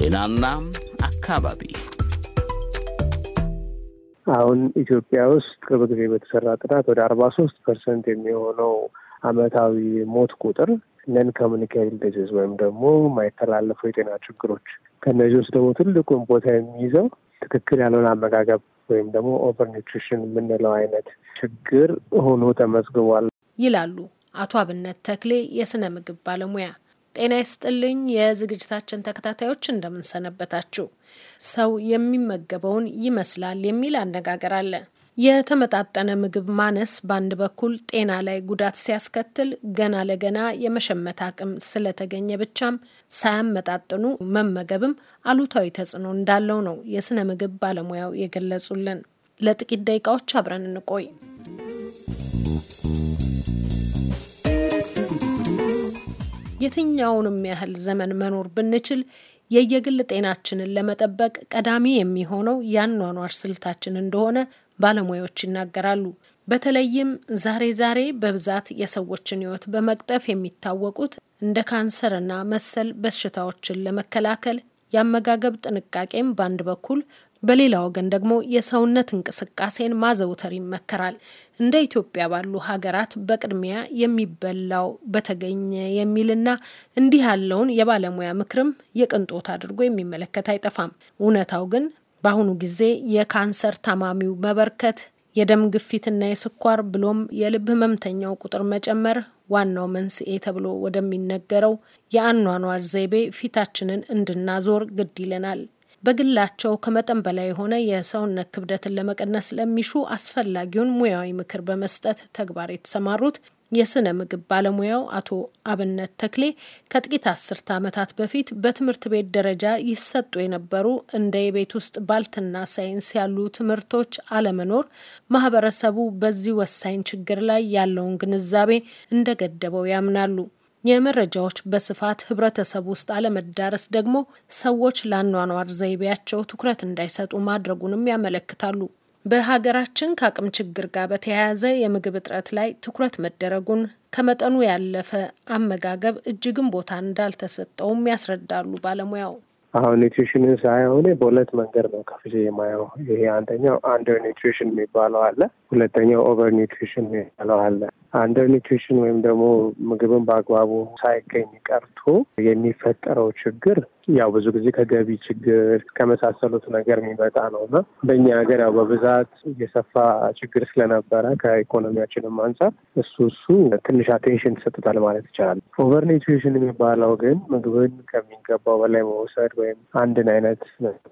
ጤናና አካባቢ አሁን ኢትዮጵያ ውስጥ ቅርብ ጊዜ በተሰራ ጥናት ወደ አርባ ሶስት ፐርሰንት የሚሆነው አመታዊ ሞት ቁጥር ነን ኮሚኒካብል ዲዚዝ ወይም ደግሞ ማይተላለፈው የጤና ችግሮች ከእነዚህ ውስጥ ደግሞ ትልቁን ቦታ የሚይዘው ትክክል ያልሆነ አመጋገብ ወይም ደግሞ ኦቨር የምንለው አይነት ችግር ሆኖ ተመዝግቧል ይላሉ አቶ አብነት ተክሌ የስነ ምግብ ባለሙያ። ጤና ይስጥልኝ የዝግጅታችን ተከታታዮች እንደምንሰነበታችሁ። ሰው የሚመገበውን ይመስላል የሚል አነጋገር አለ። የተመጣጠነ ምግብ ማነስ በአንድ በኩል ጤና ላይ ጉዳት ሲያስከትል፣ ገና ለገና የመሸመት አቅም ስለተገኘ ብቻም ሳያመጣጥኑ መመገብም አሉታዊ ተጽዕኖ እንዳለው ነው የስነ ምግብ ባለሙያው የገለጹልን። ለጥቂት ደቂቃዎች አብረን እንቆይ። የትኛውንም ያህል ዘመን መኖር ብንችል የየግል ጤናችንን ለመጠበቅ ቀዳሚ የሚሆነው የአኗኗር ስልታችን እንደሆነ ባለሙያዎች ይናገራሉ። በተለይም ዛሬ ዛሬ በብዛት የሰዎችን ሕይወት በመቅጠፍ የሚታወቁት እንደ ካንሰርና መሰል በሽታዎችን ለመከላከል የአመጋገብ ጥንቃቄም በአንድ በኩል በሌላ ወገን ደግሞ የሰውነት እንቅስቃሴን ማዘውተር ይመከራል። እንደ ኢትዮጵያ ባሉ ሀገራት በቅድሚያ የሚበላው በተገኘ የሚልና እንዲህ ያለውን የባለሙያ ምክርም የቅንጦት አድርጎ የሚመለከት አይጠፋም። እውነታው ግን በአሁኑ ጊዜ የካንሰር ታማሚው መበርከት የደም ግፊትና የስኳር ብሎም የልብ ህመምተኛው ቁጥር መጨመር ዋናው መንስኤ ተብሎ ወደሚነገረው የአኗኗር ዘይቤ ፊታችንን እንድናዞር ግድ ይለናል። በግላቸው ከመጠን በላይ የሆነ የሰውነት ክብደትን ለመቀነስ ለሚሹ አስፈላጊውን ሙያዊ ምክር በመስጠት ተግባር የተሰማሩት የስነ ምግብ ባለሙያው አቶ አብነት ተክሌ ከጥቂት አስርተ ዓመታት በፊት በትምህርት ቤት ደረጃ ይሰጡ የነበሩ እንደ የቤት ውስጥ ባልትና ሳይንስ ያሉ ትምህርቶች አለመኖር ማህበረሰቡ በዚህ ወሳኝ ችግር ላይ ያለውን ግንዛቤ እንደገደበው ያምናሉ። የመረጃዎች በስፋት ህብረተሰብ ውስጥ አለመዳረስ ደግሞ ሰዎች ለአኗኗር ዘይቤያቸው ትኩረት እንዳይሰጡ ማድረጉንም ያመለክታሉ። በሀገራችን ከአቅም ችግር ጋር በተያያዘ የምግብ እጥረት ላይ ትኩረት መደረጉን ከመጠኑ ያለፈ አመጋገብ እጅግም ቦታ እንዳልተሰጠውም ያስረዳሉ ባለሙያው። አሁን ኒውትሪሽንን ሳይሆን በሁለት መንገድ ነው ከፍ የማየው። ይሄ አንደኛው አንደር ኒትሪሽን የሚባለው አለ ሁለተኛው ኦቨር ኒውትሪሽን የሚባለው አለ። አንደር ኒውትሪሽን ወይም ደግሞ ምግብን በአግባቡ ሳይገኝ ቀርቶ የሚፈጠረው ችግር ያው ብዙ ጊዜ ከገቢ ችግር ከመሳሰሉት ነገር የሚመጣ ነው እና በእኛ ሀገር ያው በብዛት የሰፋ ችግር ስለነበረ ከኢኮኖሚያችንም አንጻር እሱ እሱ ትንሽ አቴንሽን ትሰጥታል ማለት ይቻላል። ኦቨር ኒውትሪሽን የሚባለው ግን ምግብን ከሚገባው በላይ መውሰድ ወይም አንድን አይነት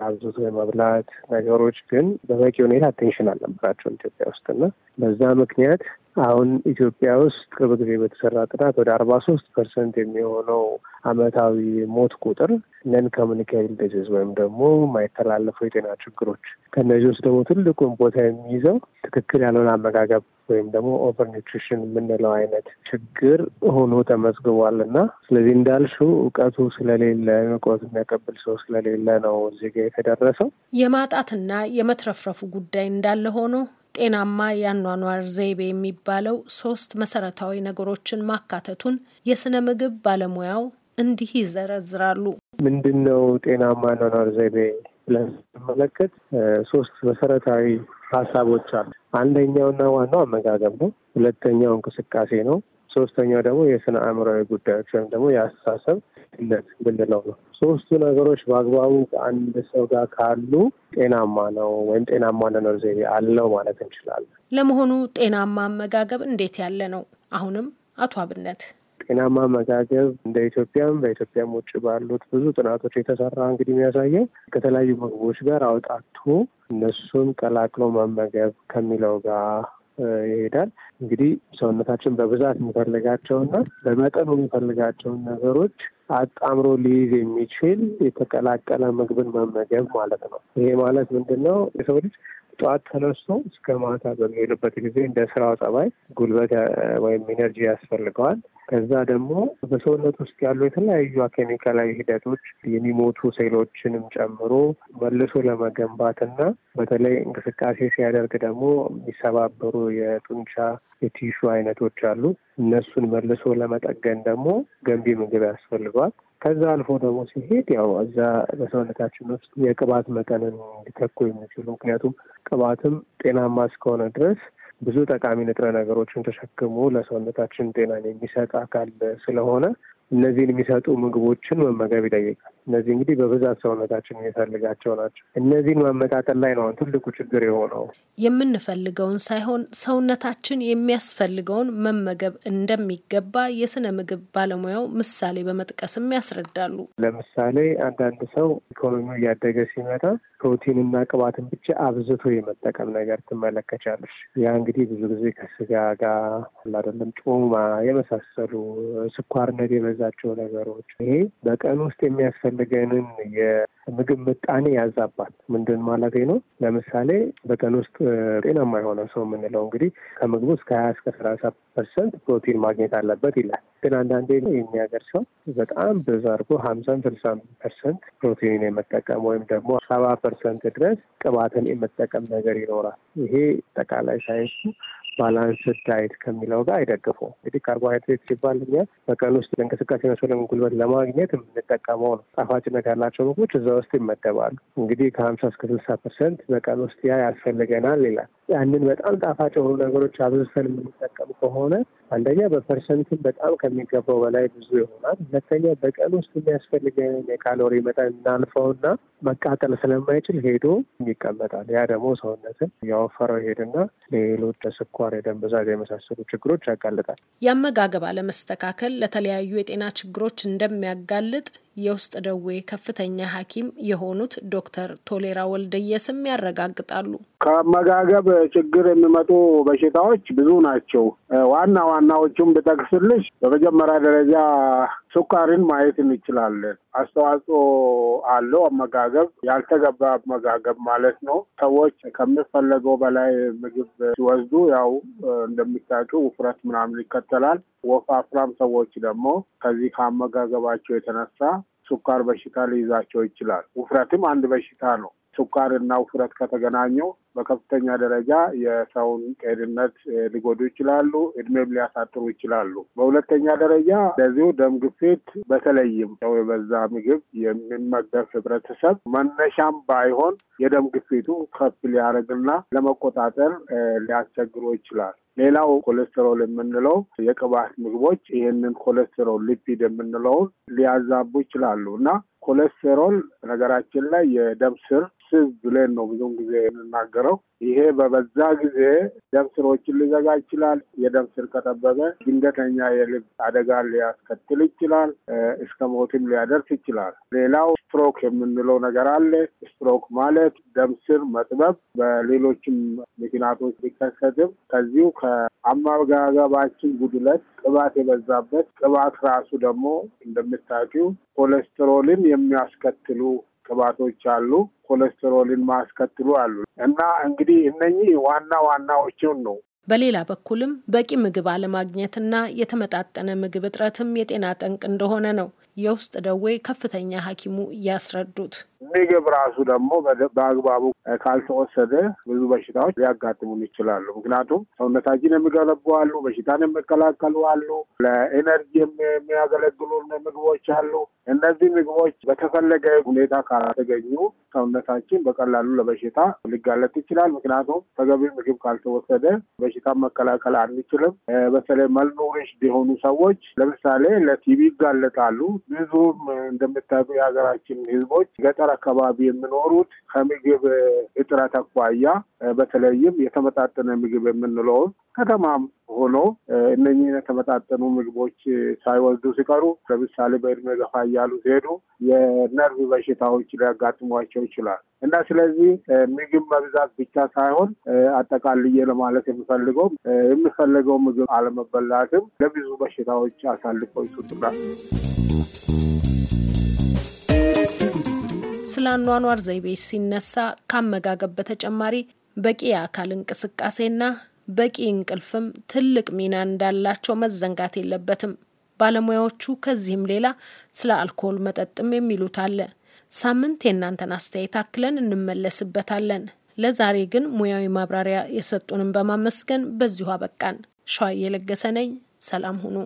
አብዙት መብላት ነገሮች ግን በበቂ ሁኔታ አቴንሽን አልነበራቸውም ኢትዮጵያ ውስጥ እና በዛ ምክንያት አሁን ኢትዮጵያ ውስጥ ቅርብ ጊዜ በተሰራ ጥናት ወደ አርባ ሶስት ፐርሰንት የሚሆነው አመታዊ ሞት ቁጥር ነን ኮሚኒካብል ዲዚዝ ወይም ደግሞ የማይተላለፉ የጤና ችግሮች ከእነዚህ ውስጥ ደግሞ ትልቁን ቦታ የሚይዘው ትክክል ያልሆነ አመጋገብ ወይም ደግሞ ኦቨር ኒትሪሽን የምንለው አይነት ችግር ሆኖ ተመዝግቧል እና ስለዚህ እንዳልሽው እውቀቱ ስለሌለ እውቀቱ የሚያቀብል ሰው ስለሌለ ነው እዚህ ጋ የተደረሰው። የማጣትና የመትረፍረፉ ጉዳይ እንዳለ ሆኖ ጤናማ የአኗኗር ዘይቤ የሚባለው ሶስት መሰረታዊ ነገሮችን ማካተቱን የስነ ምግብ ባለሙያው እንዲህ ይዘረዝራሉ። ምንድን ነው ጤናማ የአኗኗር ዘይቤ ብለን ስንመለከት ሶስት መሰረታዊ ሀሳቦች አሉ። አንደኛውና ዋናው አመጋገብ ነው። ሁለተኛው እንቅስቃሴ ነው። ሶስተኛው ደግሞ የስነ አእምራዊ ጉዳዮች ወይም ደግሞ የአስተሳሰብ ነት ምንለው ነው። ሶስቱ ነገሮች በአግባቡ ከአንድ ሰው ጋር ካሉ ጤናማ ነው ወይም ጤናማ አኗኗር ዘይቤ አለው ማለት እንችላለን። ለመሆኑ ጤናማ አመጋገብ እንዴት ያለ ነው? አሁንም አቶ አብነት ጤናማ አመጋገብ እንደ ኢትዮጵያም በኢትዮጵያም ውጭ ባሉት ብዙ ጥናቶች የተሰራ እንግዲህ የሚያሳየው ከተለያዩ ምግቦች ጋር አውጣቱ እነሱን ቀላቅሎ መመገብ ከሚለው ጋር ይሄዳል። እንግዲህ ሰውነታችን በብዛት የሚፈልጋቸውና በመጠኑ የሚፈልጋቸውን ነገሮች አጣምሮ ሊይዝ የሚችል የተቀላቀለ ምግብን መመገብ ማለት ነው። ይሄ ማለት ምንድን ነው? የሰው ልጅ ጠዋት ተነስቶ እስከ ማታ በሚሄድበት ጊዜ እንደ ስራው ጸባይ ጉልበት ወይም ኢነርጂ ያስፈልገዋል። ከዛ ደግሞ በሰውነት ውስጥ ያሉ የተለያዩ ኬሚካላዊ ሂደቶች የሚሞቱ ሴሎችንም ጨምሮ መልሶ ለመገንባት እና በተለይ እንቅስቃሴ ሲያደርግ ደግሞ የሚሰባበሩ የጡንቻ የቲሹ አይነቶች አሉ። እነሱን መልሶ ለመጠገን ደግሞ ገንቢ ምግብ ያስፈልገዋል። ከዛ አልፎ ደግሞ ሲሄድ ያው እዛ በሰውነታችን ውስጥ የቅባት መጠንን ሊተኩ የሚችሉ ምክንያቱም ቅባትም ጤናማ እስከሆነ ድረስ ብዙ ጠቃሚ ንጥረ ነገሮችን ተሸክሞ ለሰውነታችን ጤናን የሚሰጥ አካል ስለሆነ እነዚህን የሚሰጡ ምግቦችን መመገብ ይጠይቃል። እነዚህ እንግዲህ በብዛት ሰውነታችን የሚፈልጋቸው ናቸው። እነዚህን መመጣጠል ላይ ነው ትልቁ ችግር የሆነው። የምንፈልገውን ሳይሆን ሰውነታችን የሚያስፈልገውን መመገብ እንደሚገባ የስነ ምግብ ባለሙያው ምሳሌ በመጥቀስም ያስረዳሉ። ለምሳሌ አንዳንድ ሰው ኢኮኖሚው እያደገ ሲመጣ ፕሮቲንና ቅባትን ብቻ አብዝቶ የመጠቀም ነገር ትመለከቻለች። ያ እንግዲህ ብዙ ጊዜ ከስጋ ጋር አይደለም ጮማ የመሳሰሉ ስኳርነት የበዛ የምናግዛቸው ነገሮች ይሄ በቀን ውስጥ የሚያስፈልገንን የምግብ ምጣኔ ያዛባት ምንድን ማለት ነው። ለምሳሌ በቀን ውስጥ ጤናማ የሆነ ሰው የምንለው እንግዲህ ከምግቡ እስከ ሀያ እስከ ሰላሳ ፐርሰንት ፕሮቲን ማግኘት አለበት ይላል። ግን አንዳንዴ የሚያገር ሰው በጣም ብዙ አድርጎ ሀምሳን ስልሳን ፐርሰንት ፕሮቲን የመጠቀም ወይም ደግሞ ሰባ ፐርሰንት ድረስ ቅባትን የመጠቀም ነገር ይኖራል። ይሄ ጠቃላይ ሳይንሱ ባላንስ ዳይት ከሚለው ጋር አይደግፉም። እንግዲህ ካርቦሃይድሬት ሲባል እኛ በቀን ውስጥ ለእንቅስቃሴ መስለም ጉልበት ለማግኘት የምንጠቀመው ነው። ጣፋጭነት ያላቸው ምግቦች እዛ ውስጥ ይመደባሉ። እንግዲህ ከሀምሳ እስከ ስልሳ ፐርሰንት በቀን ውስጥ ያ ያስፈልገናል ይላል። ያንን በጣም ጣፋጭ የሆኑ ነገሮች አብዝተን የምንጠቀም ከሆነ አንደኛ በፐርሰንትን በጣም ከሚገባው በላይ ብዙ ይሆናል። ሁለተኛ በቀን ውስጥ የሚያስፈልገን የካሎሪ መጠን እናልፈውና መቃጠል ስለማይችል ሄዶ ይቀመጣል። ያ ደግሞ ሰውነትን ያወፈረው ይሄድና ለሌሎች ለስኳር፣ የደም ብዛት የመሳሰሉ ችግሮች ያጋልጣል። የአመጋገብ አለመስተካከል ለተለያዩ የጤና ችግሮች እንደሚያጋልጥ የውስጥ ደዌ ከፍተኛ ሐኪም የሆኑት ዶክተር ቶሌራ ወልደየስም ያረጋግጣሉ። ከአመጋገብ ችግር የሚመጡ በሽታዎች ብዙ ናቸው። ዋና ዋናዎቹም ብጠቅስልሽ በመጀመሪያ ደረጃ ሱካርን ማየት እንችላለን። አስተዋጽኦ አለው አመጋገብ፣ ያልተገባ አመጋገብ ማለት ነው። ሰዎች ከሚፈለገው በላይ ምግብ ሲወስዱ ያው እንደሚታውቂው ውፍረት ምናምን ይከተላል። ወፋፍራም ሰዎች ደግሞ ከዚህ ከአመጋገባቸው የተነሳ ስኳር በሽታ ሊይዛቸው ይችላል። ውፍረትም አንድ በሽታ ነው። እና ውፍረት ከተገናኙ በከፍተኛ ደረጃ የሰውን ጤንነት ሊጎዱ ይችላሉ፣ እድሜም ሊያሳጥሩ ይችላሉ። በሁለተኛ ደረጃ ለዚሁ ደም ግፊት በተለይም ሰው የበዛ ምግብ የሚመገብ ህብረተሰብ መነሻም ባይሆን የደም ግፊቱ ከፍ ሊያደርግና ለመቆጣጠር ሊያስቸግሮ ይችላል። ሌላው ኮሌስትሮል የምንለው የቅባት ምግቦች ይህንን ኮሌስትሮል ሊፒድ የምንለውን ሊያዛቡ ይችላሉ እና ኮሌስትሮል ነገራችን ላይ የደም ስር ስብ ብለን ነው ብዙውን ጊዜ የምናገረው። ይሄ በበዛ ጊዜ ደም ስሮችን ሊዘጋ ይችላል። የደም ስር ከጠበበ ድንገተኛ የልብ አደጋ ሊያስከትል ይችላል፣ እስከ ሞትም ሊያደርስ ይችላል። ሌላው ስትሮክ የምንለው ነገር አለ። ስትሮክ ማለት ደም ስር መጥበብ በሌሎችም ምክንያቶች ሊከሰትም ከዚሁ ከአመጋገባችን ጉድለት ቅባት የበዛበት ቅባት ራሱ ደግሞ እንደምታውቂው ኮሌስትሮልን የሚያስከትሉ ቅባቶች አሉ። ኮሌስትሮልን ማስከትሉ አሉ እና እንግዲህ እነኚህ ዋና ዋናዎችን ነው። በሌላ በኩልም በቂ ምግብ አለማግኘትና የተመጣጠነ ምግብ እጥረትም የጤና ጠንቅ እንደሆነ ነው የውስጥ ደዌ ከፍተኛ ሐኪሙ ያስረዱት። ምግብ ራሱ ደግሞ በአግባቡ ካልተወሰደ ብዙ በሽታዎች ሊያጋጥሙን ይችላሉ። ምክንያቱም ሰውነታችን የሚገለቡ አሉ፣ በሽታን የሚከላከሉ አሉ፣ ለኤነርጂ የሚያገለግሉ ምግቦች አሉ። እነዚህ ምግቦች በተፈለገ ሁኔታ ካልተገኙ ሰውነታችን በቀላሉ ለበሽታ ሊጋለጥ ይችላል። ምክንያቱም ተገቢ ምግብ ካልተወሰደ በሽታን መከላከል አንችልም። በተለይ መልኖሪሽ የሆኑ ሰዎች ለምሳሌ ለቲቪ ይጋለጣሉ። ብዙም እንደምታዩ የሀገራችን ህዝቦች ገጠር አካባቢ የሚኖሩት ከምግብ እጥረት አኳያ በተለይም የተመጣጠነ ምግብ የምንለውን ከተማም ሆኖ እነኚህን የተመጣጠኑ ምግቦች ሳይወስዱ ሲቀሩ ለምሳሌ በእድሜ ገፋ እያሉ ሲሄዱ የነርቭ በሽታዎች ሊያጋጥሟቸው ይችላል እና ስለዚህ ምግብ መብዛት ብቻ ሳይሆን አጠቃልዬ ለማለት የሚፈልገው የሚፈለገው ምግብ አለመበላትም ለብዙ በሽታዎች አሳልፈው ይሰጡናል። ስለ አኗኗር ዘይቤ ሲነሳ ከአመጋገብ በተጨማሪ በቂ የአካል እንቅስቃሴና በቂ እንቅልፍም ትልቅ ሚና እንዳላቸው መዘንጋት የለበትም። ባለሙያዎቹ ከዚህም ሌላ ስለ አልኮል መጠጥም የሚሉት አለ። ሳምንት የእናንተን አስተያየት አክለን እንመለስበታለን። ለዛሬ ግን ሙያዊ ማብራሪያ የሰጡንን በማመስገን በዚሁ አበቃን። ሸዋ እየለገሰ ነኝ። ሰላም ሁኑ።